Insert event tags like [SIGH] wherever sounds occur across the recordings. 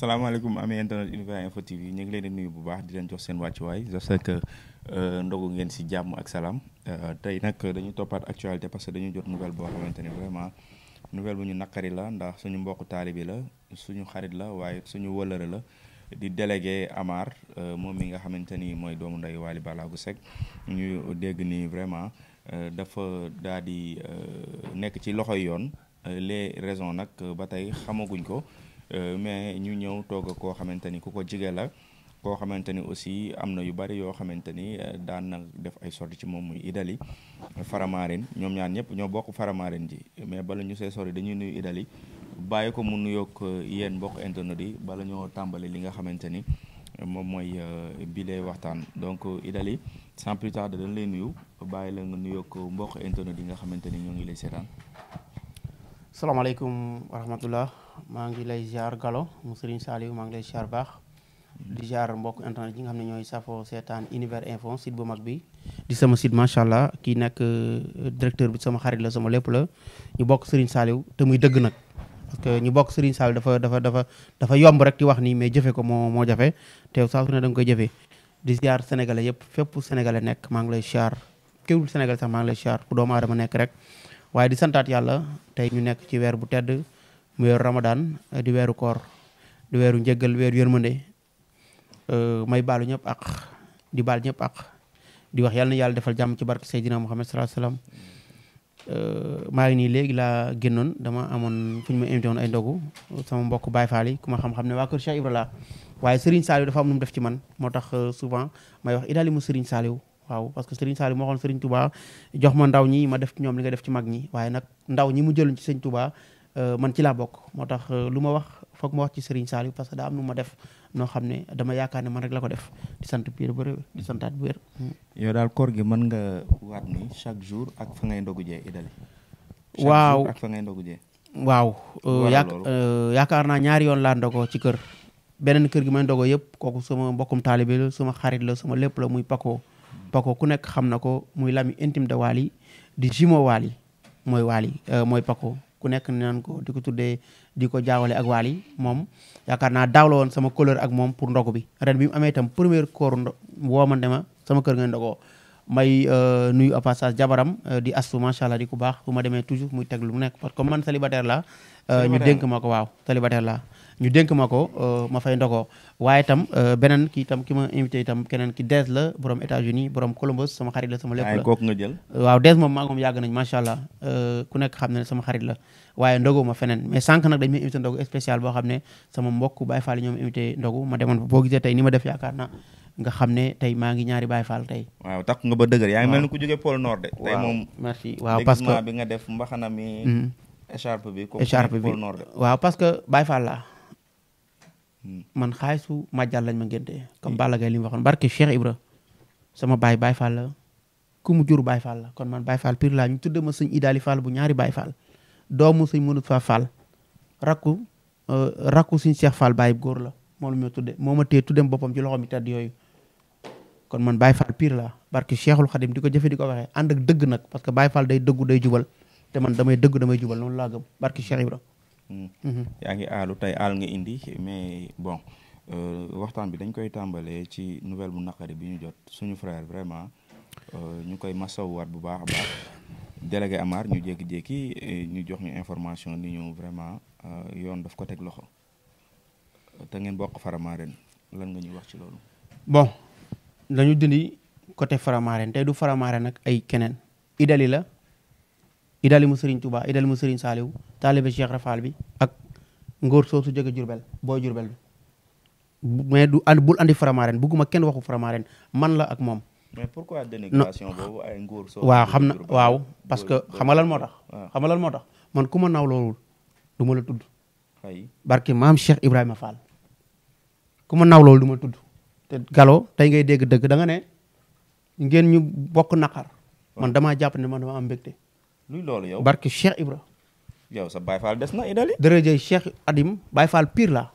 salaamaaleykum amee internet Univers Info TV ñu ngi leen di bu baax di leen jox seen wàccuwaay je sais que euh, ndogu ngeen si jàmm ak salaam euh, tey nag dañu toppaat actualité parce que dañu jot nouvelle boo xamante ni vraiment nouvelle bu ñu naqari la ndax suñu mbokk taalibi la suñu xarit la waaye suñu wëlëre la di délégué Amar euh, moom mi nga xamante ni mooy doomu nday Waly Ballago Seck ñu dégg nii vraiment dafa daal di nekk ci loxoy yoon les raisons nag ba tey xamaguñ ko. Euh, mais ñu ñëw toog koo xamante ni ku ko jige la koo xamante ni aussi am na yu bari yoo xamante ni euh, daan na def ay sorti ci moom muy Idali Faramaren ñoom ñaan ñëpp ñoo bokk Faramaren ji mais bala ñu see sori dañuy nuyu Idali bàyyi ko mu nuyoog euh, yéen mbokk internet yi bala ñoo tàmbali li nga xamante ni moom mooy bi lay waxtaan donc Idali sans plus tarder dañ lay nuyu bàyyi la nga nuyoog mbokk internet yi nga xamante ni ñoo ngi lay seetaan. salaamaaleykum wa maa ngi lay ziar Gallo mu Serigne Saliou maa ngi lay ziar baax di ziar mbokk internet yi nga xam ne ñooy safoo seetaan univers info site bu mag bi di sama site macha allah kii nekk euh, directeur bi sama xarit la sama lépp la ñu bokk Serigne Saliou te muy dëgg nag parce ñu bokk Serigne Saliou dafa dafa dafa dafa yomb rek di wax nii mais jëfe ko moo moo jafe te saa su ne da koy jëfee di ziar sénégalais yëpp fépp sénégalais nekk maa ngi lay ziar kéwul sénégalais sax maa ngi lay ziar ku doomu aadama nekk rek waaye di santaat yàlla tey ñu nekk ci weer bu tedd mu weeru ramadaan eh, di weeru koor di weeru njëggal weeru yërmande eh, may baalu ñëpp ak di baal ñëpp ak di wax yàlla na yàlla defal jàmm ci barke Seydina Muhammad sallallahu alayhi wasallam eh, maa ngi nii léegi laa génnoon dama amoon fu ma invité woon ay ndogu sama mbokk Baye Fall ne waa Kër Cheikh la waaye Serigne Saliou dafa am nu mu def ci man moo tax souvent may wax idaali mu Serigne Saliou waaw parce que Serigne Saliou moo xoon Serigne Touba jox ma ndaw ñi ma def ñoom li nga def ci mag ñi waaye nag ndaw ñi mu jëluñ ci Serigne Touba Euh, man ci laa bokk moo tax euh, lu ma wax foog ma wax ci Serigne Saliou parce que daa am nu ma def noo xam ne dama yaakaar ne man rek la ko def di sant piir bu di santaat bu wér. Hmm. yow daal koor gi mën nga waat ni chaque jour ak fa ngay ndogu jee idali. waaw ak fa ngay ndogu euh, yaakaar naa ñaari yoon laa ndogoo ci kër. beneen kër gi may ndogoo yëpp kooku sama mbokkum taalibe la sama xarit la sama lépp la muy Paco. Paco ku nekk xam na ko muy l'ami intime de Wally di jumeau Wally mooy Wally mooy Paco. ku nekk naan ko di ko tuddee di ko jaawale ak waal yi moom yaakaar naa daaw la woon sama couleur ak moom pour ndogu bi ren bi amee tam premier koor woo ma dema sama kër nga ndogoo may euh, nuyu au passage jabaram euh, di astu macha allah di ku baax bu ma demee toujours muy teg lu mu nekk parce que man célibataire la euh, ñu dénk ma ko waaw célibataire la ñu dénk ma ko euh, ma fay ndogoo waaye itam euh, beneen ki itam ki ma invité itam keneen ki Dez la borom États-Unis borom Columbus sama xarit la sama lépp la kooku nga jël waaw moom maa ngi moom yàgg nañ macha allah euh, la waaye ndogu ma feneen mais sànq nag dañ may invité spécial boo xam ne sama mbokk Baye Fall ñoom invité ndogu ma demoon boo gisee tey ni ma def yaakaar naa xam ne tey maa ngi ñaari Baye Fall tey waaw tax nga ba dëgër yaa ngi mel ni ku jógee pôle nord de tey moom merci waaw parce que bi nga def mbaxana mi mm-hmm. écharpe bi écharpe bi la man xaalisu majjal lañ ma ngénte comme Balla Gaye li mu waxoon barke Cheikh Ibra sama baay Baay Fall la ku mu jur Baay Fall la kon man Baay Fall piir laa ñu tudde ma sëñ Idaali Fall bu ñaari Baay Fall doomu sëñ mënut fa rakku euh, rakku sëñ Cheikh Fall Baay góor la moom la ma tudde moo ma téye tuddem boppam ci loxo mi tedd yooyu kon man Baay Fall pire laa barke Cheikhul Khadim di ko jëfe di ko waxee ànd ak dëgg nag parce Baay Fall day dëggu day jubal te man damay dëgg damay jubal noonu laa gëm barke Cheikh Ibra Mm. Mm-hmm. yaa ngi aalu tey aal nga indi mais bon euh, waxtaan bi dañ koy tàmbalee ci nouvelle bu naqari bi ñu jot suñu frère vraiment euh, ñu koy masawuwaat bu baax a baax délégué Amar ñu jékki-jékki euh, ñu jox ñu information ni ñu vraiment yoon daf ko teg loxo te ngeen bokk Faramaren lan nga ñuy wax ci loolu. bon dañu dindi côté Faramaren tey du Faramaren nag ay keneen. Idali la Idali mu Serigne Touba Idali mu Serigne Saliou. taalibe Cheikh Rafal bi ak ngóor soosu jóge Jurbel booy Jurbel bi mais du and bul andi Faramareen bugguma kenn waxu Faramareen man la ak moom. mais pourquoi dénigration ngóor soosu waaw xam na waaw parce que xam lan moo tax. Ah. xam lan moo tax man ku ma naaw loolul ma la tudd. barke maam Cheikh Ibrahima Fall. ku ma naaw loolu du ma tudd. te Gallo tey ngay dégg dagg danga ne ngeen ñu bokk naqar man damaa jàpp ne man dama am mbégte. luy loolu yow yow sa Baye des na Idali. dërëjëf Cheikh Adim Baye Fall pire la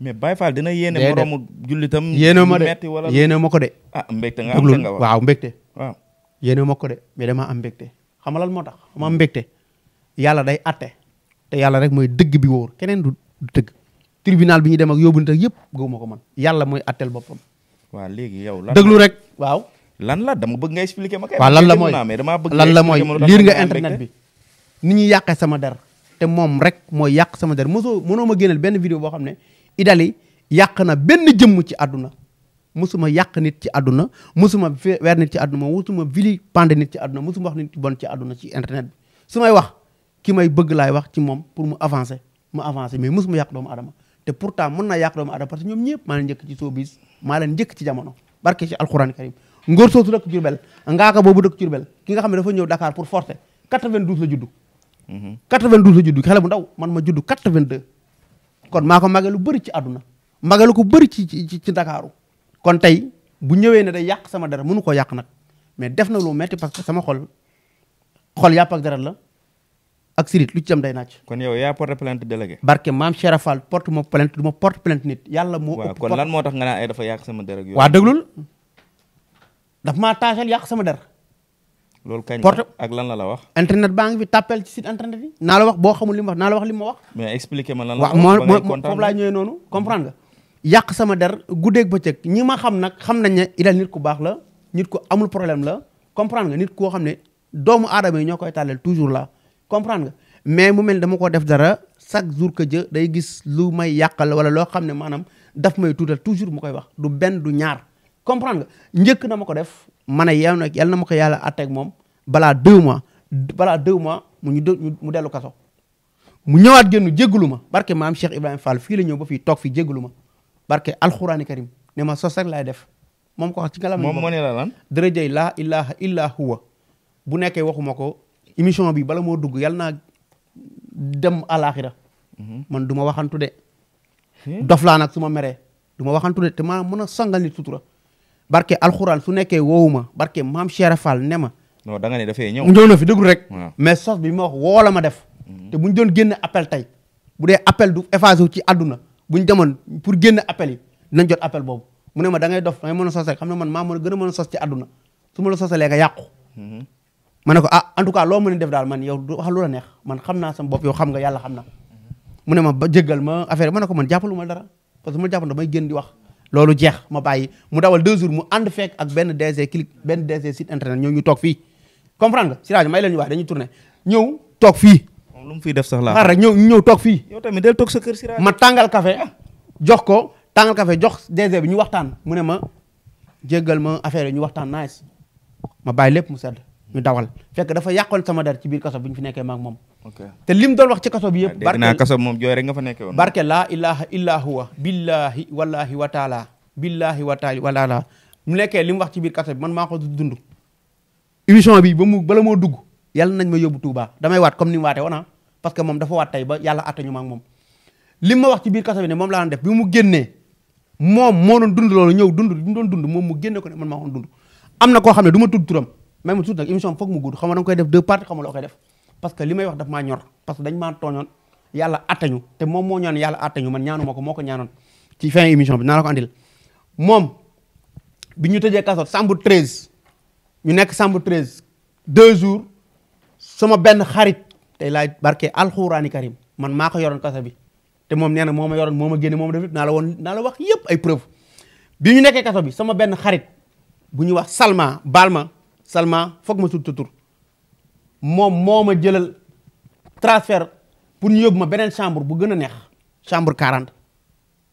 mais Baye Fall dina yéene moroomu jullitam. yéene ma de wala yéene ma ko de. ah mbégte nga am nga waaw mbégte. ma ko de mais damaa am mbégte. xam nga lan moo tax ma am yàlla day atte te yàlla rek mooy dëgg bi woor keneen du dëgg. tribunal bi ñu dem ak yóbbu tak yëpp gëwuma ko man yàlla mooy attel boppam. waaw léegi yow lan déglu rek waaw. lan la dama bëgg nga expliquer ma kay. waaw lan la mooy lan la mooy liir nga internet bi. ni ñuy yàqe sama der te moom rek mooy yàq sama der mosoo mënoo ma génneel benn vidéo boo xam ne Idali yàq na benn jëmm ci àdduna mosuma yàq nit ci adduna àdduna mosuma weer nit ci àdduna mosuma vilipender nit ci àdduna mosuma wax nit ci bon ci àdduna ci internet bi su may wax ki may bëgg laay wax ci moom pour mu avancer mu avancer mais mosuma yàq doomu adama te pourtant mën naa yàq doomu adama parce que ñoom ñëpp maa leen njëkk ci showbiz maa leen njëkk ci jamono barke ci alxuraan karim ngóor soosu dëkk Jurbel ngaaka ki nga xam ne dafa ñëw Dakar pour forcer 92 la juddu 92 la juddu xale bu ndaw man ma juddu 82. kon maa ko mage lu bëri ci àdduna mage lu ko bëri ci ci ci Ndakaaru kon tey bu ñëwee ne day yàq sama dara mënu ko yàq nag mais def na lu metti parce que sama xol xol yàpp ak dara la ak sirit lu ci jëm day naaj. kon yow yaa porte plainte délégué. barke maam Cheikh Fall porte ma plainte du ma porte plainte nit yàlla moo. ëpp kon lan moo tax nga naan ay dafa yàq sama der ak waa déglul maa taajal yàq sama der. loolu kañ porte ak lan la la wax. internet baa ngi fi tàppeel ci site internet yi. naa la wax boo xamul li mu wax naa la wax li ma wax. mais expliquer ma lan la wax ba ngay kontaan foofu laa ñëwee noonu comprendre nga. yàq sama der guddeeg bëccëg ñi ma xam nag xam nañ ne Idaly nit ku baax la nit ko amul problème la comprendre nga nit koo xam ne doomu aadama yi ñoo koy tàllal toujours la comprendre nga mais mu mel ni dama ko def dara chaque jour que je day gis lu may yàqal wala loo xam ne maanaam daf may tuutal toujours mu koy wax du benn du ñaar comprendre njëkk na ma ko def ma ne yal na yal na ma ko yàlla àtteeg moom balaa deux mois balaa deux mois mu ñu mu dellu kaso mu ñëwaat génn jéggalu ma barke maam Cheikh Ibrahima Fall fii la ñëw ba fii toog fi jéggalu ma barke alxuraani karim ne ma sos rek laay def moom ko wax ci ngalam moom moo ne la lan dërëjëy laa ilaha illa huwa bu nekkee waxuma ko émission bi bala moo dugg yal naa dem alaxira mhm. man du ma waxantu de dof laa nag su ma meree du ma waxantu de te maa mën a sangal nit sutura barke alxuraan su nekkee woowu ma barke maam Cheikh Fall ne ma. non da nga ne dafay ñëw. ñëw na fi dëggul rek. mais sos bi ma wax woo la ma def. Mhm. te bu ñu doon génn appel tey bu dee appel du effacé wu ci àdduna bu ñu demoon pour génn appel yi dinañ jot appel boobu mu ne ma da ngay dof da ngay mën a sos rek xam ne man maa mën a gën a mën a sos ci àdduna su ma la sosalee nga yàqu. Mhm. ma ne ko ah en tout cas loo mën a def daal man yow du wax lu la neex man xam naa sama bopp yow xam nga yàlla xam na mhm. mu ne ma ba jéggal ma affaire ma ne ko man jàppalu ma dara parce que ma jàppoon damay génn di wax loolu jeex ma bàyyi mu dawal deux jours mu ànd fekk ak benn DG clic benn DG site internet ñëw ñu toog fii comprendre nga Siraj may leen ñu wax dañuy tourné ñëw toog fii. lu mu fiy def sax la xaar rek ñëw ñëw toog fii. yow tamit del toog sa kër Siraj. ma tàngal café jox ko tàngal kafe jox DG bi ñu waxtaan mu ne ma jéggal ma affaire ñu waxtaan nice ma bàyyi lépp mu sedd ñu dawal fekk dafa yàqoon sama der ci biir kaso bi ñu fi nekkee maak moom. te lim doon wax ci kaso bi yëpp. Ah, barke naa kaso moom jooy nga fa nekkee woon. barke laa ilaha illa huwa billahi wallahi wa taala billahi wa taala walaala mu nekkee li mu wax ci biir kaso bi man maa ko dund. émission bi ba mu bala moo dugg yàlla nañ ma yóbbu Touba damay waat comme ni mu waatee woon ah, parce que moom dafa waat tey ba yàlla attañu ma ak moom. wax ci biir kaso ne moom laa doon def bi mu génnee moom moo doon dund loolu ñëw dund bi doon dund moom mu génne ko ne man maa doon am na koo xam ne du ma tudd turam même tudd nag émission bi foog mu gudd xam nga koy def deux parties xam nga def parce que li may wax daf maa ñor parce que dañ maa tooñoon yàlla attañu te moom moo ñaan yàlla attañu man ñaanu ma ko moo ko ñaanoon ci fin émission bi naa la ko andil moom bi ñu tëjee kaso sambu 13 ñu nekk sambu 13 deux jours sama benn xarit tey laay barke alxuraani karim man maa ko yoroon kaso bi te moom nee na moo ma yoroon moo ma génne moo ma naa la woon naa la yëpp ay preuve bi ñu nekkee kaso bi sama benn xarit bu ñu wax Salma baal ma Salma foog ma tudd moom moo ma jëlal transfert pour ñu yóbbu ma beneen chambre bu gën a neex chambre quarante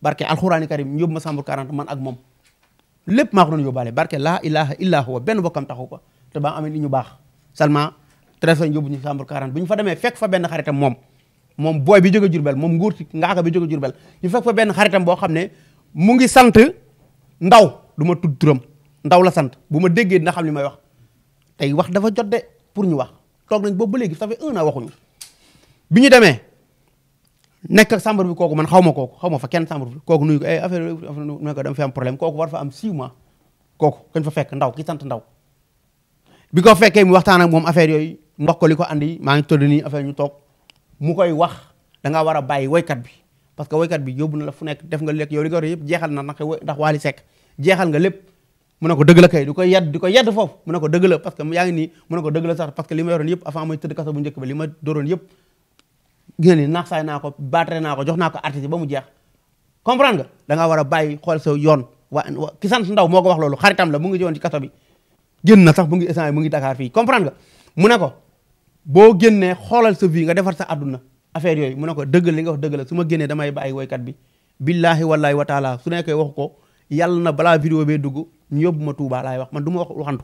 barke alxuraani karim ñu yóbbu ma chambre 40 man ak moom lépp maa ko doon yóbbaale barke laa ilaha illa huwa benn bokkam taxu ko te ba amee ni ñu baax seulement transfert ñu yóbbu ñu chambre 40 bu ñu fa demee fekk fa benn xaritam moom moom booy bi jóge Jurbel moom nguur ci ngaaka bi jóge Jurbel ñu fekk fa benn xaritam boo xam ne mu ngi sant ndaw du ma tudd turam ndaw la sant bu ma déggee dina li may wax tey wax dafa jot pour ñu wax toog nañ boobu ba léegi ça fait un an waxuñu bi ñu demee nekk ak chambre bi kooku man xaw ma kooku xaw ma fa kenn chambre bi kooku nuyu ko eh, affaire ne ko dama fi am problème kooku am 6 kooku kañ fa fekk ndaw ki sant ndaw bi ko fekkee mu waxtaan ak moom affaire yooyu ndox ko li ko andi maa ngi tëdd nii affaire ñu toog mu koy wax da nga war a bàyyi woykat bi parce que woykat bi yóbbu na la fu nekk def nga lekk yow li nga war yëpp jeexal na ndax Wally sekk jeexal nga lépp mu ne ko dëgg la kay ko yedd di ko yedd foofu mu ne ko dëgg la ma yoroon yëpp ba li ma dóoroon naa ko baatare naa ko jox naa ko artiste ba mu jeex comprendre nga da ngaa a bàyyi xool sa yoon waa ki sant ndaw moo ko wax loolu xaritam la mu ngi joon ci kaso bi génn na sax mu ngi essane ngi Dakar fii comprendre nga ko boo génnee xoolal sa vie nga defar sa àdduna affaire yooyu mu ne ko dëgg li nga wax dëgg su ma génnee damay bàyyi woykat bi billahi wallahi wa taala su nekkee waxu ko yàlla na balaa vidéo bee dugg ñu yóbbu ma Touba wax man du ma wax waxantu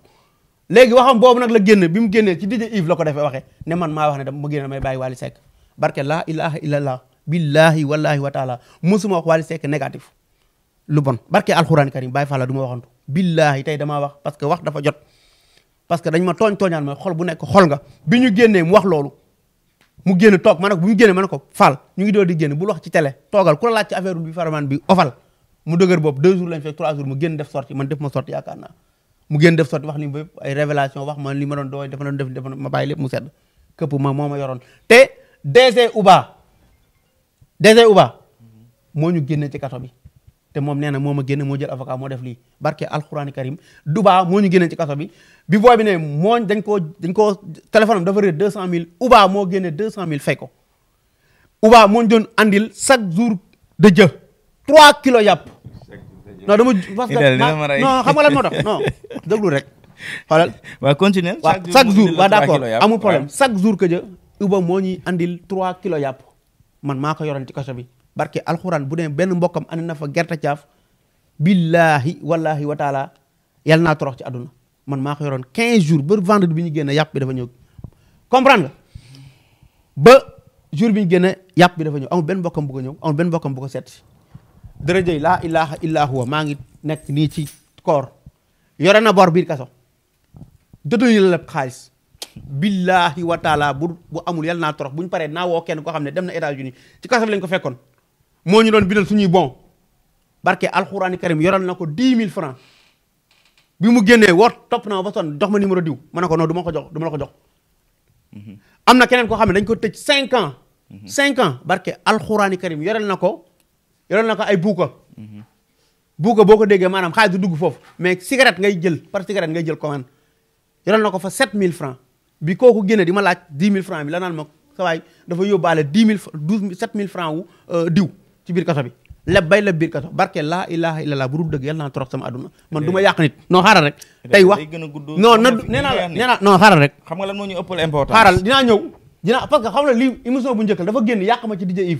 wax waxam boobu nag la génn bi mu génnee ci DJ Yves la ko defee waxee ne man maa wax ne dama ma génn damay bàyyi Wally Seck barke laa ilaha illallah billahi wallahi wa taala musuma wax Wally Seck négatif lu bon barke alxuraan karim bàyyi fàlla du ma waxantu billahi tey damaa wax parce que wax dafa jot parce que dañ ma tooñ tooñaan ma xol bu nekk xol nga bi ñu génnee mu wax loolu mu génn toog ma ne ko bu mu génne ma ne ko Fall ñu ngi doon di génn bul wax ci télé toogal ku la laaj ci affaire bi faramaan bi ofal mu dëgër bopp deux jours lañ fekk trois jours mu génn def sorti man def ma sorti yaakaar naa mu génn def sorti wax li ma yëpp ay wax ma li ma doon dooy dafa doon def dafa ma bàyyi lépp mu sedd këpp ma moo ma yoroon te DG Uba DG Uba moo ñu génne ci kaso bi te moom nee na moo ma génne moo jël avocat moo def lii barke alxuraani karim Duba moo ñu génne ci kaso bi bi booy bi ne moo dañ koo dañ koo téléphone am dafa réer deux cent mille Uba moo génne deux cent mille fay ko Uba moo ñu doon andil chaque jour de jë trois kilos yàpp non dama parce que non xam nga lan moo tax non [LAUGHS] déglu rek xoolal waaw continuer chaque jour waaw d'accord amul problème chaque jour que ja uba moo ñuy andil 3 kilos yàpp man maa ko yoroon ci kaso bi barke alxuraan bu dee benn bokkam andi na fa gerte caaf billaahi wallaahi wa taala yàlla naa torox ci àdduna man maa ko yoroon 15 jours ba vendredi bi ñu génne yàpp bi dafa ñëw comprendre ba jour bi ñu génne yàpp bi dafa ñëw amul benn mbokkam bu ko benn mbokkam bu ko seet dërëjëy laa ilaha illa huwa maa ngi nekk nii ci koor yore na bor biir kaso dëdduñu la lépp xaalis billaahi wa bu bu amul yàlla naa torox bu ñu paree naa woo kenn koo xam ne dem na États-Unis ci kaso bi lañ ko fekkoon moo ñu doon bindal suñuy bon barke alxuraani karim yoral na ko 10 000 francs bi mu génnee woot topp na ba sonn jox ma numéro diw ma ne ko non du ko jox du la ko jox mhm. am na keneen koo xam ne dañ ko tëj 5 ans 5 mhm. ans barke alxuraani karim yoral na ko yoroon na ko ay buuka buuka boo ko déggee maanaam xaalis du dugg foofu mais cigarette ngay jël par cigarette ngay jël commande yoroon na ko fa 7000 francs bi kooku génne di ma laaj 10 000 francs bi la naan ma dafa yóbbaale 10 000 12 biir kaso bi leb bay leb biir kaso barke laa ilaha illallah bu dul dëgg yàlla naa trop sama àdduna man du ma yàq nit non xaaral rek tey wax non na nee naa la nee naa non xaaral rek xam nga lan moo ñu ëppal importance xaaral dinaa bu njëkkal dafa génn yàq ma ci DJ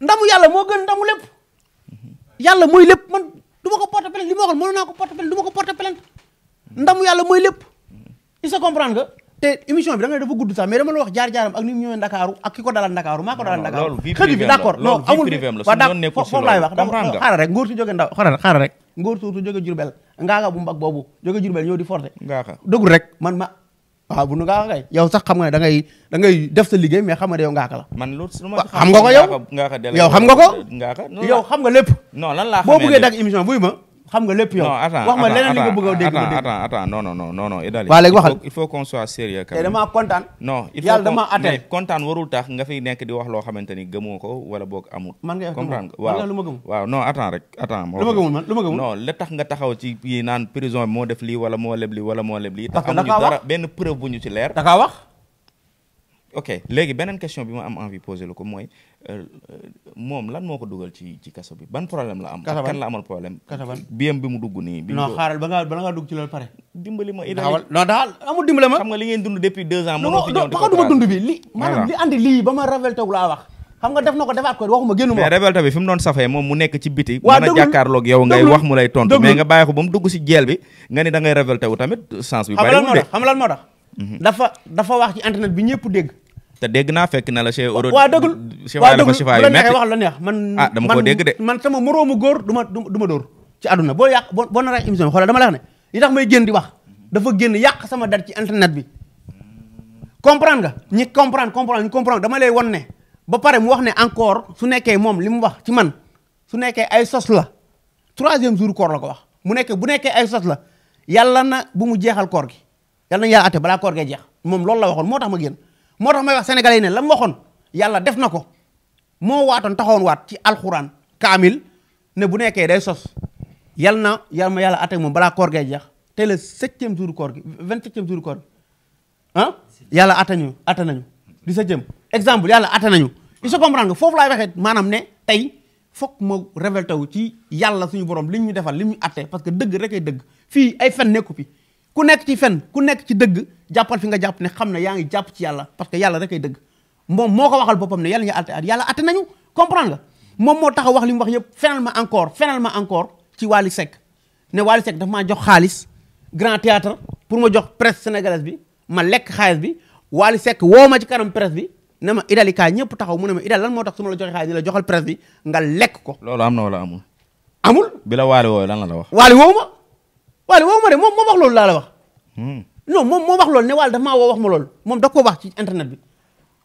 ndamu yàlla moo gën ndamu lépp yàlla mooy lépp man du ko porter plainte li ma waxoon mënoon naa ko porter plainte du ma ko porter plainte ndamu yàlla lépp il se comprendre nga te émission bi da nga ne dafa gudd sax mais dama la wax jaar-jaaram ak ni mu ñëwee Ndakaaru ak ki ko dalal Ndakaaru maa ko dalal Ndakaaru xëy bi d'accord non amul waaw foofu laay wax xaaral rek ngóor su jóge ndaw xaaral xaaral rek ngóor bu mbag boobu jóge Jurbel ñëw di forcé dëggul rek waaw bu nu ngaaka kay yow sax xam nga ne da ngay da ngay def sa liggéey mais xam nga ne yow ngaaka la man lu xam nga ko yow yow xam nga ko yow xam nga lépp boo bëggee dag émission buy ma xam nga lépp yow. wax ma leneen li nga bëgg a dégg nga dégg. attends non non non non non Idale. waa léegi waxal il faut qu'on soit sérieux quand eh, même. te damaa kontaan. non il faut yàlla damaa atteint kontaan warul tax nga fiy nekk di wax loo xamante ni gëmoo ko wala boog amul. man nga comprendre nga waaw lu ma gëmul waaw non attends rek attends. lu ma gëmul man lu ma gëmul. non la tax nga taxaw ci yi naan prison moo def lii wala moo leb lii wala moo leb lii. parce que da kaa wax te amuñu dara benn preuve bu ñu ci leer. da kaa wax ok léegi beneen question bi ma am envie poser la ko mooy euh, euh, moom lan moo ko dugal ci ci kaso bi ban problème la am. kan la amal problème. kasaban biyam bi mu dugg nii. bi non xaaral ba nga dugg ci loolu pare. dimbali ma Idda Ly li ngeen dund depuis deux ans. mënoo fi ñëw lii ba ma révolté wu wax. xam nga def na ko defaat ko waxuma génn ma mais révolté bi fi safee moom mu nekk ci biti mën a jàkkaarloog yow ngay wax mu lay tontu mais nga bàyyi ko ba mu dugg si jeel bi nga ni da ngay révolté wu tamit sens bi bari mu de xam lan moo tax mhm. dafa dafa wax ci internet te dégg naa fekk na la chez euro waa dëggul waa dëggul bu la neexee wax la neex man ah dama ko dégg de man sama moroomu góor du ma du ma dóor ci àdduna boo yàq boo boo naree émission bi xoolal dama la wax may génn di wax dafa génn yàq sama dar ci internet bi comprendre ñi comprendre comprendre ñu dama lay won ne ba pare mu wax ne encore su nekkee moom li mu wax ci man su nekkee ay sos la troisième jour koor la ko wax mu nekkee bu nekkee ay sos la yàlla na bu mu jeexal koor gi yàlla na yàlla ate balaa koor gee jeex moom loolu la waxoon moo tax ma génn moo tax may wax sénégalais yi ne la mu waxoon yàlla def na ko moo waatoon taxawoon waat ci alxuraan kaamil ne bu nekkee day sos yal na yal ma yàlla atte moom balaa koor gee jeex tey la septième jour koor gi vingt septième ah yàlla atte ñu atte nañu di septième exemple yàlla atte nañu il se comprendre nga foofu laay waxee maanaam ne tey foog ma révolté wu ci yàlla suñu borom li ñu defal li ñu atte parce que dëgg rek ay dëgg fii ay fen nekku fi ku nekk ci fen ku nekk ci dëgg jàppal fi nga jàpp ne xam na yaa ngi jàpp ci yàlla parce que yàlla rek ay dëgg moom moo ko waxal boppam ne yàlla ñu àtte at yàlla àtte nañu comprendre nga moom moo taxaw wax li mu wax yëpp fenal ma encore fenal ma encore ci Wally Seck ne Wally Seck daf maa jox xaalis grand théâtre pour ma jox presse sénégalaise bi ma lekk xaalis bi Wally sekk woo ma ci kanam presse bi ne ma idali kaa ñëpp taxaw mu ne ma idal lan moo tax su la joxe xaalis la joxal presse bi nga lekk ko. loolu am na wala amul. amul. bi la Wally wooyee lan la la wax. Wally woo ma de moom moo wax loolu laala la wax. Hmm. non moom moo wax lool ne Wally dafa maa woo wax ma loolu moom da koo wax ci internet bi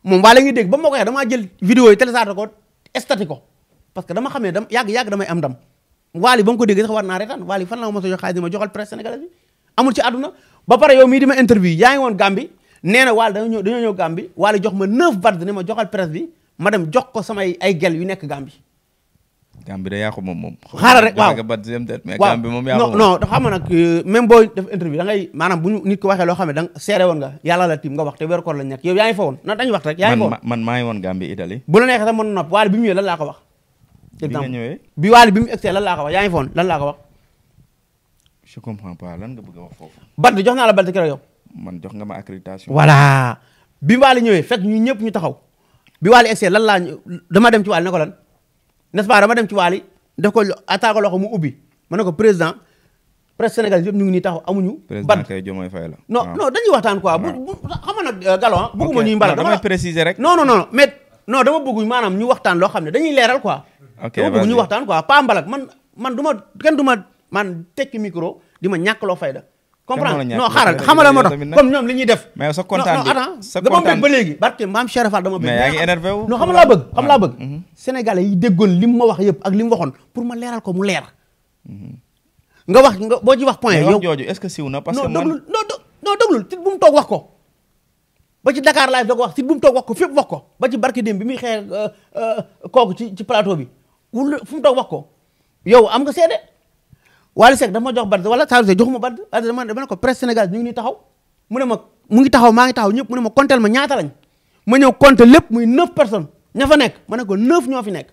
moom Wally ngi dégg ba ma jël vidéo yi téléchargé ko estati ko parce que dama xam ne dam yàgg yàgg damay am dam Wally ba ko déggee sax war naa reetaan Wally fan la ma mos a jox xaalis ma joxal presse sénégalaise bi yow mii di ma interview yaa woon Gambie nee na Wally dañoo ñëw dañoo ñëw Gambie Wally jox ma neuf barde ne ma joxal presse bi ma dem jox ko samay ay gel yu nekk Gambie Gàmbi da yaa ko moom moom. xaaral rek waaw mais Gàmbi moom euh, def interview da ngay bu nit ko waxee loo xam ne da nga seere nga la tiim nga wax te weeru koor la ñàkk yow yaa ngi fa woon na dañu wax rek yaa ngi la neexee sax mën bi mu lan laa ko wax bi nga ñëwee a naa la bad yow man jox nga ma accréditation voilà bi waale ñëwee fekk ñu ñëpp ñu taxaw bi waale egsee lan laa dama dem ci waale ne ko lan n'est-ce pas dama dem ci waali def ko attaque loxo mu ubbi ma ne ko président presse sénégalais yëpp ñu ngi nii taxaw amuñu. ban président fay la. non non dañuy waxtaan quoi bu xam nga nag euh, Galon ah. bëgguma ñuy mbala dama préciser rek. non non non mais dama bëgg maanaam ñu waxtaan loo xam ne dañuy leeral quoi. dama bëgg ñu waxtaan quoi pas mbalak man man du ma kenn du man tekki micro di ma ñàkk loo fayda comprendre non xaaral xamal ma tax comme ñoom li ñuy def mais sa kontaan dama bëgg ba léegi barke maam Cheikh Fall dama bëgg mais yaa ngi xam laa bëgg xam ah. mhm. yi déggoon li mu ma wax yëpp ak li mu waxoon pour ma leeral ko mu leer mhm. nga wax nga boo ci wax point yow jooju est-ce que siw na que non déglul non non déglul bu mu toog wax ko ba ci Dakar live da ko wax tit bu mu toog wax ko fépp wax ko ba ci barke dem bi muy xeer euh, euh, kooku ci ci plateau bi wul fu mu toog wax ko yow am nga seede Wally Seck dama jox band wala Saliou Seck joxuma band wala dama ne ko presse Sénégal ñu ngi nii taxaw mu ne ma mu ngi taxaw maa ngi taxaw ñëpp mu ne ma compter ma ñaata lañ ma ñëw compter lépp muy 9 personnes ña fa nekk ma ne ko 9 ñoo fi nekk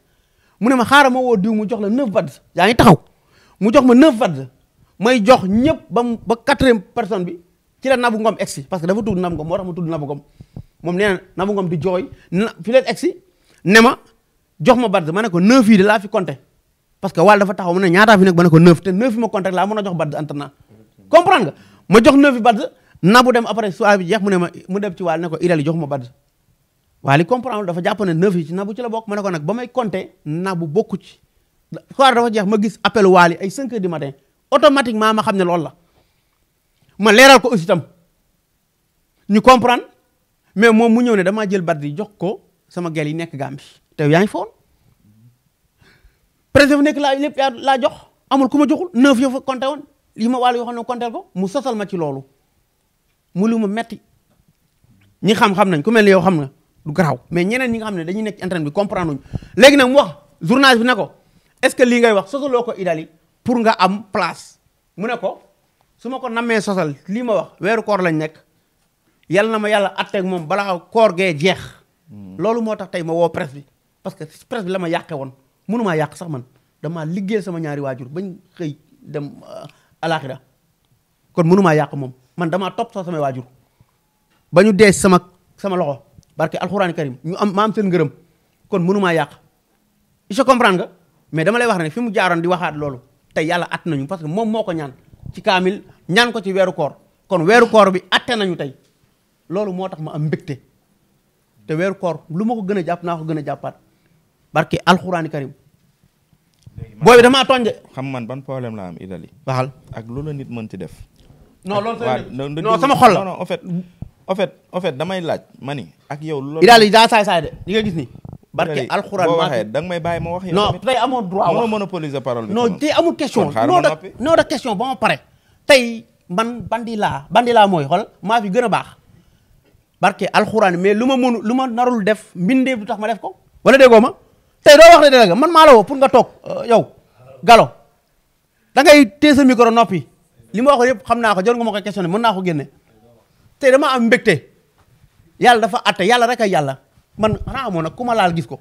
ne ma xaaral ma woo diw mu jox la 9 band yaa ngi taxaw mu jox ma 9 band may jox ñëpp ba mu ba quatrième personne bi ci la Nabou Ngom egsi parce que dafa tudd Nabou Ngom moo tax ma moom nee na Nabou Ngom di jooy na fi leen ne ma jox ma band ma ne ko 9 yi de laa fi compter. parce que Waly dafa taxaw mu ne ñaataa fi nekk ba ne ko neuf te neuf yi ma contrat laa mën a jox Bad entraînement comprendre nga ma jox neuf yi Bad nabu dem après soir bi jeex mu ne ma mu dem ci Waly ne jox ma Bad Waly comprendre dafa jàpp ne neuf yi ci nabu ci la bokk ma ne ko nag ba may bokku ci soir dafa jeex ma gis appel Waly ay 5 heures du matin automatiquement ma xam ne loolu la ma leeral ko aussi tam ñu comprend mais moom mu ñëw ne damaa jël bat yi jox ko sama gel yi nekk Gambie te yaa ngi foon président bu nekk laa lépp laa jox amul ku ma joxul neuf yoo fa compté woon yi ma wàll yoo xam ne compté ko mu sosal ma ci loolu mu lu ma metti ñi xam-xam nañ ku mel ni yow xam na du garaaw mais ñeneen ñi nga xam ne dañuy nekk ci bi comprendre uñu léegi nag mu wax journaliste bi ne ko est-ce que lii ngay wax sosaloo ko idali pour nga am place mu ne ko su ma ko nammee sosal lii ma wax weeru koor lañ nekk yàlla na ma yàlla atteeg moom balaa koor gee jeex hmm. loolu moo tax tey ma woo presse bi parce que presse la ma yàqe woon mënumaa yàq sax man damaa liggéey sama ñaari waajur bañ xëy dem euh, alaxira kon mënumaa yàq moom man damaa topp sax sama waajur ba ñu dee sama sama loxo barke alxuraan karim ñu am ma am seen ngërëm kon mënumaa yàq je comprends nga mais dama lay wax ne fi mu jaaroon di waxaat loolu tey yàlla att nañu parce que moom moo ko ñaan ci kaamil ñaan ko ci weeru koor kon weeru koor bi atte nañu tey loolu moo tax ma am mbégte te weeru koor lu ma ko gën a jàpp naa ko gën a jàppaat barke alxuraani karim. booy bi damaa tooñ de. xam man ban problème laa am Idali. waxal ak loolu nit mën ci def. non loolu tamit non sama xol la non en fait damay laaj ma ni ak yow loolu Idali daa saay saay de li nga gis ni barke alxuraan boo waxee da may bàyyi ma wax. yi tamit non tey amoo droit wax monopoliser parole bi. non tey amul question non ba ma pare. tey man bandi laa bandi laa mooy xol maa fi gën a baax barke alxuraan mais lu ma mënu lu ma narul def mbindeef du tax ma def ko wala déggoo tey doo wax ne délégué man maa la pour nga toog euh, yow Gallo da ngay téye sa noppi li ma wax yëpp xam naa ko jor nga ma ko questionné mën naa ko génne tey dama am mbégte yàlla dafa atte yàlla rek ay yàlla man xanaa amoon nag ku ma laal gis ko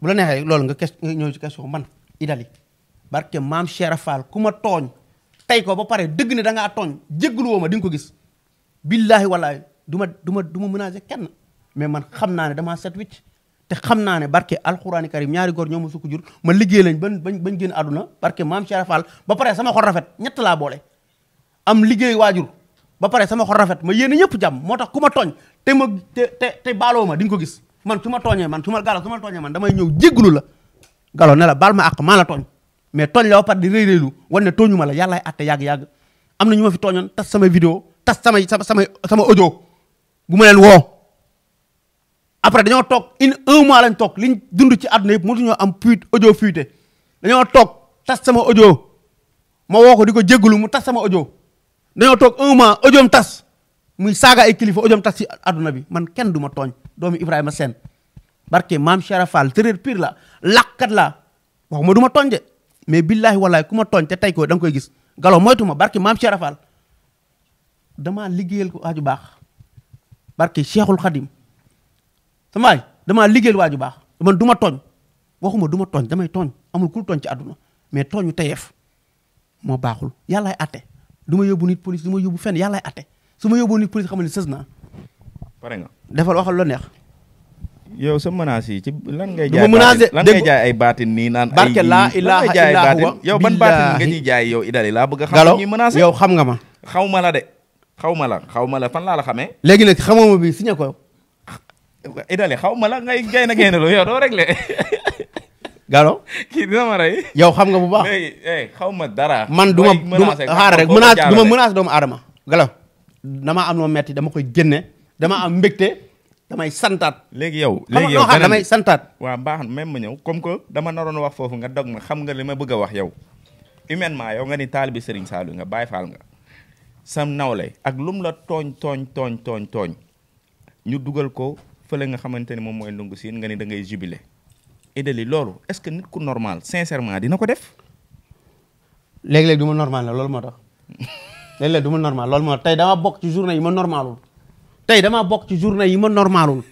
bu la neexee loolu nga ñëw ci question man idali barke maam Cheikh Fall ku ma tooñ tey ko ba pare dëgg ne da ngaa tooñ jégglu woo ma di ko gis billaahi wallaahi du ma du ma du ma ménager kenn mais man xam naa ne damaa set te xam naa ne barke alxuraani karim ñaari góor ñoo ma sukk jur ma liggéey lañ bañ bañ bañ génn àdduna barke maam Cheikh Fall ba pare sama xol rafet ñett laa boole am liggéey waajur ba pare sama xol rafet ma yéene ñëpp jàmm moo tax ku ma tooñ te ma te te ma di ko gis man su ma tooñee man su ma galo su ma tooñee man damay ñëw jégglu la galo ne la baal ma àq maa la tooñ mais tooñ la ba pare di rëy rëylu wan ne tooñu ma la yàllaay atte yàgg-yàgg am na ñu ma fi tooñoon tas sama vidéo tas samay sama samay sama audio bu ma leen woo après dañoo toog une un mois lañ toog liñ dund ci àdduna yëpp mënatuñoo am fuite audio fuité dañoo toog tas sama audio ma woo ko di ko jégalu mu tas sama audio dañoo toog un mois audio tas muy saaga ay kilifa audio am tas ci àdduna bi man kenn du ma tooñ doomu Ibrahima seen barke maam Chara Fall tëréer pire la lakkat la waxuma du ma tooñ de mais billaahi wallaahi ku ma tooñ te tey ko da nga koy gis galo moytu ma barke maam Chara Fall damaa liggéeyal ko aju baax barke Cheikhul Khadim sama damaa liggéeyal waa ju baax man duma ma tooñ waxuma du ma tooñ damay tooñ amul ku tooñ ci àdduna mais tooñu tayeef moo baaxul yàllaay atte du ma yóbbu nit police su ma yóbbu fen yàllaay atte su ma yóbbu nit police xamal ne sës naa. pare nga defal waxal la neex. yow sa menaces yi ci lan ngay. jaay lan ngay jaay ay baatin nii naan. ay barke laa ilaaha illaa huwa yow ban baatin nga jaay yow Idali laa bëgg a. xam ñuy yow xam nga ma. xaw ma la de xaw ma la xaw ma la fan laa la xamee. léegi nag xamoo ma bi signé ko Idale xaw ma la ngay gay na gay na lu yow doo réglé. Gallo kii dina ma rey. yow xam nga bu baax léegi eh, xaw ma dara. man du ma du ma xaar rek menace du ma menace doomu aadama. Gallo damaa am metti dama koy génne dama am mbégte. damay santaat léegi yow léegi yow damay santaat waaw baax même ma ñëw comme que dama naroon wax foofu nga dog ma xam nga li ma bëgg a wax yow humainement yow nga ni taalibe Serigne Saliou nga Baye faal nga sam nawle ak lum la tooñ tooñ tooñ tooñ tooñ ñu dugal ko fële nga xamante ne moom mooy ndungu siin nga ni da ngay jubilé idali loolu est-ce que nit ku normal sincèrement dina ko def. léeg-léeg du ma normal la loolu moo tax [LAUGHS] léeg-léeg du ma normal loolu moo tax tey dama bokk ci journée yi ma normalul tey damaa bokk ci journée yi ma normalul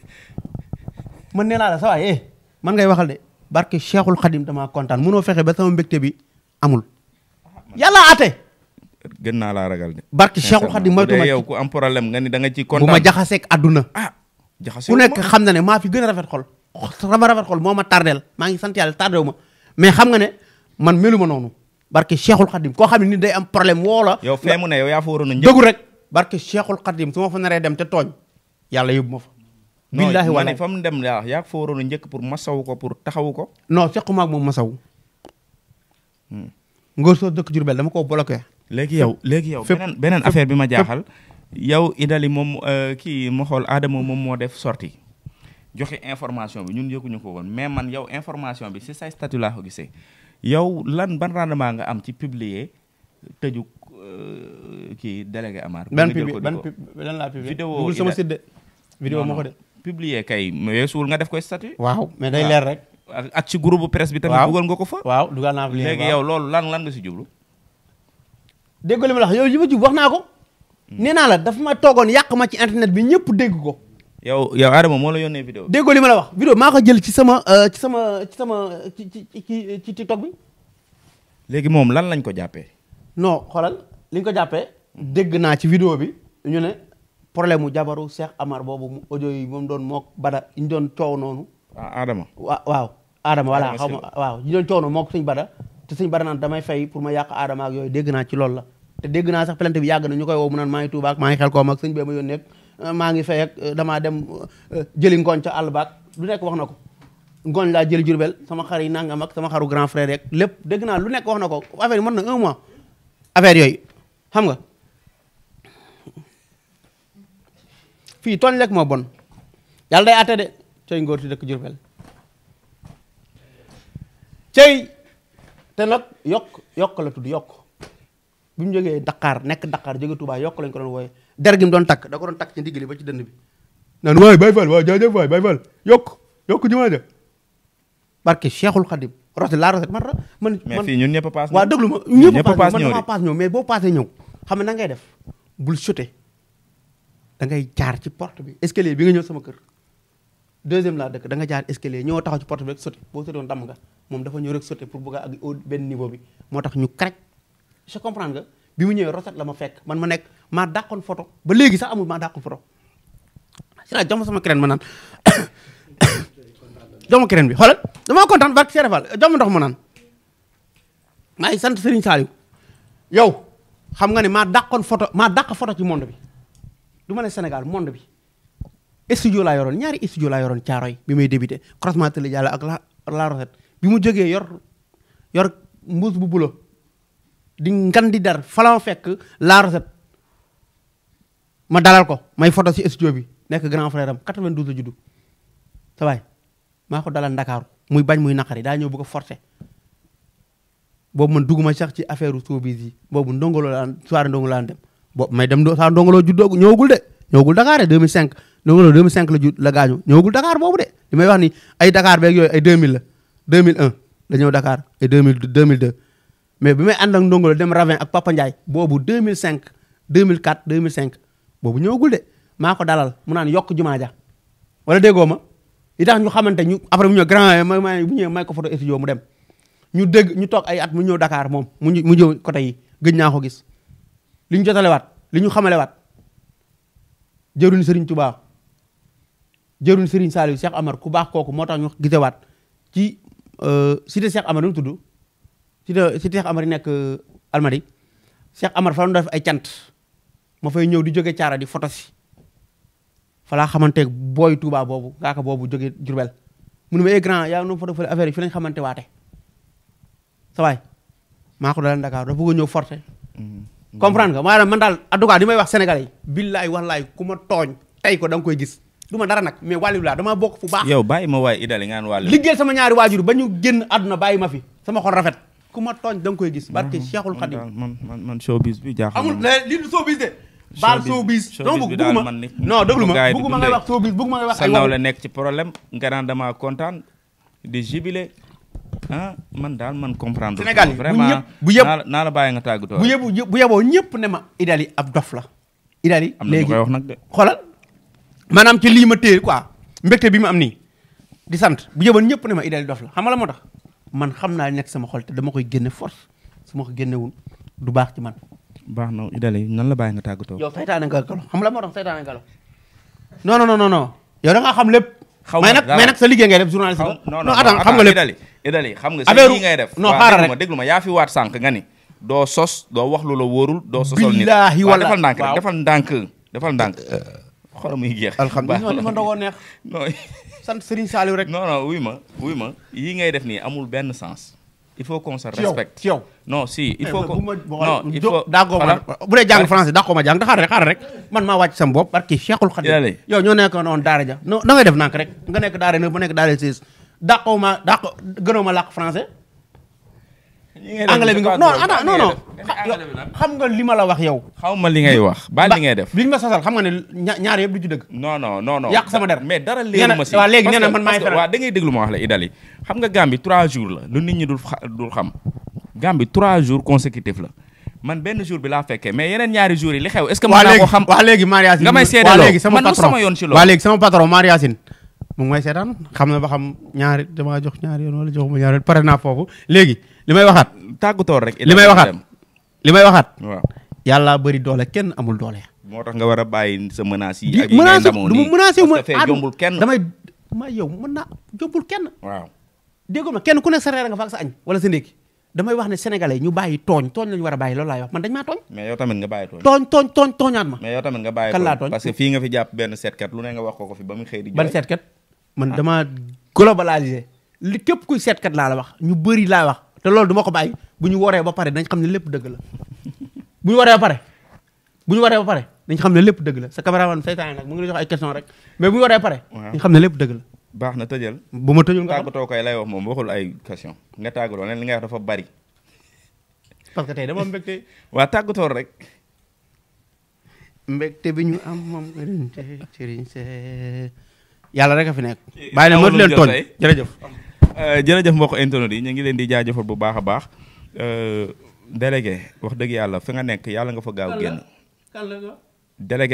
man nee naa la sa waay eh, man ngay waxal de barke Cheikhul Khadim damaa kontaan mënoo fexe ba sama mbégte bi amul yàlla ate gën naa laa ragal de. barke Cheikhul Khadim moytu ma yow ku nga ni da nga ci àdduna ah. jaxase ku nekk xam na ne maa fi gën a rafet xol sama rafet xol moo ma tardeel maa ngi sant yàlla tardé ma mais xam nga ne man melu ma noonu barke Cheikhul Khadim koo xam ne day am problème woola yow fee mu ne yow yaa fa waroon a dëggu rek barke Cheikhul naree dem te tooñ yàlla yóbbu ma fa billaahi wala fa mu dem yaa yaa fa waroon a njëkk pour masawu ko pour taxawu ko non sequma ak moom masawu hmm. ngóor soo dëkk Jurbel dama koo bloqué léegi yow léegi yow beneen beneen affaire bi ma jaaxal yow Idali moom euh, kii ma xool Adama moom moo def sorti joxe information bi ñun yëguñu ko woon mais man yow information bi si say statut laa ko gisee yow lan ban rendement nga am ci publier tëju euh, kii délégué Amar. ban publier ban lan laa publier. vidéo sama site de. vidéo moo ko de nga def koy statut. waaw mais day ah. leer rek. at ci groupe presse bi tamit. dugal nga ko fa. waaw dugal naa léegi yow loolu lan lan nga si jublu. dégg li ma la wax li ma jub wax naa ko. nee naa la dafa ma toogoon yàq ma ci internet bi ñëpp dégg ko. yow yow Adama moo la yónnee vidéo. déggoo li ma la wax vidéo maa ko jël ci sama euh, ci sama ci sama ci ci ci TikTok bi. léegi moom lan lañ ko jàppee. non xoolal liñ ko jàppee. dégg naa ci vidéo bi ñu ne problème mu jabaru Cheikh Amar boobu mu audio yi moom doon mook bada ñu doon coow noonu. ah Adama. waaw Adama voilà xaw ma waaw ñu doon coow noonu mook suñ bada te suñ bada naan damay fay pour ma yàq Adama ak yooyu dégg naa ci loolu la. te dégg naa sax plainte bi yàgg na ñu koy woo mu naan maa ngi Touba ak maa ngi xel koom ak sëñ bee ma yóon nekk euh, maa ngi fay ak euh, damaa dem euh, jëli ngooñ ca àll baak lu nekk wax na ko ngooñ laa jëli jurbel sama xar yi nangam ak sama xaru grand frère rek lépp dégg naa lu nekk wax na ko affaire yi mën na un mois yooyu xam nga fii tooñ lekk moo bon yàlla day atte de cay ngóor si dëkk jurbel cay te nag yokk yokk la tudd yokk bu mu jógee Dakar nekk Dakar jóge Touba yokk lañ ko doon wooye der gi mu doon takk da ko doon takk ci ndigg li ba ci dënd bi naan waay Baye Fall waaw jaajëf waay Baye Fall yokk yokk jumaa ja barke Cheikhul Khadim laa rote man man mais fii paas déglu ma ñëpp ñëw man boo paasee ñëw xam ne na ngay def bul sauté da ngay jaar ci porte bi escalier bi nga ñëw sama kër deuxième laa dëkk da nga jaar escalier ñëw taxaw ci porte bi rek sauté boo sauté woon damm nga moom dafa ñëw rek sauté pour bëgg a bi moo tax ñu crac je comprends nga bi mu ñëwee roset la ma fekk man ma nekk maa dàqoon photo ba léegi sax amul maa dàqoon photo sina jox sama crène ma naan [COUGHS] jox ma bi xoolal dama kontaan barke Serafal ma ndox ma naan maa ngi sant Serigne Saliou yow xam nga ne maa dàqoon foto maa dàq photo ci monde bi du ma ne Sénégal monde bi studio laa yoroon ñaari studio laa yoroon Caaroy bi may débuté croisement Télé Diallo ak la la Rosette bi mu jógee yor yor mbuus bu bulo di ngan di dar falaw fekk la recette ma dalal ko may foto si studio bi nekk grand frère am 92 la juddu sa waay maa ko dalal ndakaaru muy bañ muy naqari daa ñëw bu ko forcé boobu man duguma sax ci affaire showbiz yi boobu ndongolo laa soirée ndongolo laa dem boobu may dem saa ndongolo juddoo ñëwagul de ñëwagul Dakar de 2005 ndongolo 2005 la ju la gaañu ñëwagul Dakar boobu de li may wax ni ay Dakar beeg yooyu ay 2000 la 2001 la ñëw Dakar ay 2000 2002 mais bi may ànd ak Ndongo Lo dem Ravin ak Papa Ndiaye boobu 2005 2004 2005 boobu ñëwagul de maa ko dalal mu naan yokk jumaa ja wala déggoo ma li tax ñu xamante ñu après mu ñëw grand ma ma bu ñëwee may ko photo studio mu dem ñu dégg ñu toog ay at mu ñëw dakaar moom mu ñu mu ñëw côté yi gëj naa ko gis li ñu jotalewaat li ñu xamale waat jëruñ sëriñ Touba jëruñ Serigne Saliou Cheikh Amar ku baax kooku moo tax ñu waat ci euh, cité Cheikh Amar nu mu tudd. ci ci Cheikh Amar yi nekk euh, Almadi Cheikh Amar fa la doon def ay cant ma fay ñëw di jóge caara di photo si fa laa xamanteeg booy Touba boobu ngaaka boobu jóge Jurbel mu ne ma eh, grand yaa ngi doon photo fële affaire yi fi lañ xamante waate sa waay maa ko dalal Dakar dafa bëgg a ñëw forte mm-hmm. comprendre nga maanaam man daal en tout cas li may wax sénégalais yi billaay wallaay ku ma tooñ tey ko da nga koy gis du ma dara nag mais wàllu laa damaa bokk fu baax yow bàyyi ma waay idali ngaan wàllu liggéeyal sama ñaari waajur ba ñu génn àdduna bàyyi ma fi sama xol rafet ku ma tooñ da nga koy gis barke Cheikhul Khadim man man man showbiz bi jaaxal amul li du showbiz de baal showbiz donc bëgguma non déglu ma bëgguma ngay wax showbiz bëgguma ngay wax sa naw nekk ci problème nga naan dama kontaan di jubilé ah man daal man comprendre Sénégal vraiment bu yëpp naa la bàyyi nga tàggatoo bu yëpp bu yeboo ñëpp ne ma Idali ab dof la Idali léegi wax nag de xoolal maanaam ci lii ma téye quoi mbégte bi mu am ni di sant bu yeboon ñëpp ne ma Idali dof la xam nga la moo tax man xam naa nekk sama xol te dama koy génne force su ma ko génne génnewul du baax ci man. baax na Idale nan la bàyyi nga tàggatoo. yow saytaane nga galo xam la moo tax saytaane galo non non non non nga xam lépp. xaw ma nag mais nag sa liggéey ngay def journaliste bi. non non attends xam nga lépp Idale xam nga sa liggéey ngay def. non xaaral rek déglu ma yaa fi waat sànq nga ni. doo sos doo wax lu la wóorul doo sosol nit. billaahi wala waaw defal ndànk defal ndànk defal euh, ndànk xoolal muy jeex. alhamdulilah li ma dogoo neex. non sant Serigne Saliou rek. non non ma wuy ma yii ngay def nii amul benn sens. il faut qu'on se respecte si il eh, faut que non il faut daagoo ma bu dee jàng français daagoo ma jàng xaaral rek xaaral rek man maa wàcc sam bopp barki Cheikhul Khadim yow ñoo nekk noonu daara ja no da ngay def nank rek nga nekk daara ne bu nekk daara siis daagoo ma daagoo gënoo ma làkk français anglais bi nga non nga li ma la wax yow xaw ma li ngay wax ba li ngay def li ñu ma sosal xam nga ne ñaar yëpp du ci dëgg no no non non yàq sama der mais dara léegi ma si waaw léegi nee na man maay faral waaw da ngay déglu ma wax la Idali xam nga Gambie trois jours la lu nit la man benn jour bi laa fekkee mais yeneen ñaari jours yi naa ko xam nga may seedaloo man lu sama yoon si loolu waa léegi sama patron mariage mu ngi may seetaan xam na ba xam ñaari damaa jox ñaari yoon wala joxuma ñaari yoon naa foofu léegi li may waxaat. tàggatoo rek. li may waxaat li may waxaat. waaw yàlla bëri doole kenn amul doole. moo tax nga war a bàyyi sa menace yi. yi ngay ndamoo nii menace du ma menacé jombul kenn damay ma yow mën naa jombul kenn. waaw ma kenn ku nekk sa nga fa ak sa añ wala sa ndékki damay wax ne sénégalais ñu ñu a bàyyi tooñ tooñ tooñ tooñ tooñ ma mais tooñ parce fii nga fi jàpp benn seetkat lu ne nga wax ko ko fi ba mu xëy di ban seetkat man ah. dama globalisé li képp kuy seetkat laa la wax ñu bëri laa wax te loolu du ma ko bàyyi bu ñu waree ba pare dañ xam ne lépp dëgg la [LAUGHS] bu ñu waree ba pare bu ñu waree ba pare dañ xam ne lépp dëgg la sa cameraman saytaane nag mu ngi la jox ay question rek mais bu ñu waree ba pare dañ xam ne lépp dëgg la baax na tëjal bu ma tëjul nga tàggatoo koy lay wax moom waxul ay question nga tàggatoo leen li nga wax dafa bari parce tey dama mbégte [LAUGHS] waa tàggatoo rek mbégte bi ñu am moom sëriñ se yàlla rek a fi nekk. Eh, bàyyi na mënut leen tooñ euh, jërëjëf. mbokk internet yi ñu ngi leen di jaajëfal bu baax a baax euh, délégué wax dëgg yàlla fi nga nekk yàlla nga fa gaaw génn.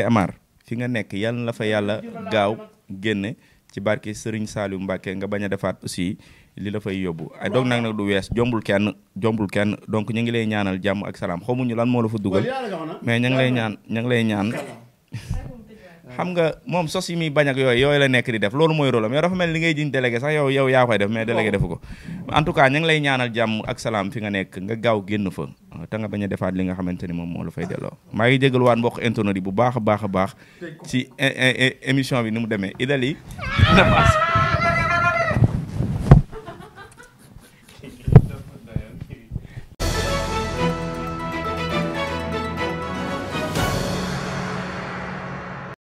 Amar fi nga nekk yàlla la fa yàlla gaaw génn ci barke Serigne Saliou Mbacke nga bañ defaat aussi li la fay yóbbu ay doog nag nag du wees jombul kenn jombul kenn donc ñu ngi lay ñaanal jàmm ak salaam ñu lan moo la fa dugal mais ñu ngi lay ñaan. xam nga moom sos yi muy bañ ak yooyu yooyu la nekk di def loolu mooy rôle am yow dafa mel li ngay jiñ délégué sax yow yow yaa koy def mais délégué defu ko en tout cas ñu ngi lay ñaanal jàmm ak salaam fi nga nekk nga gaaw génn fa te nga bañ a defaat li nga xamante ni moom moo la fay delloo maa ngi jégal waat mbokk internet yi bu baax a baax a baax ci eh, eh, eh, émission bi ni mu demee idali [LAUGHS]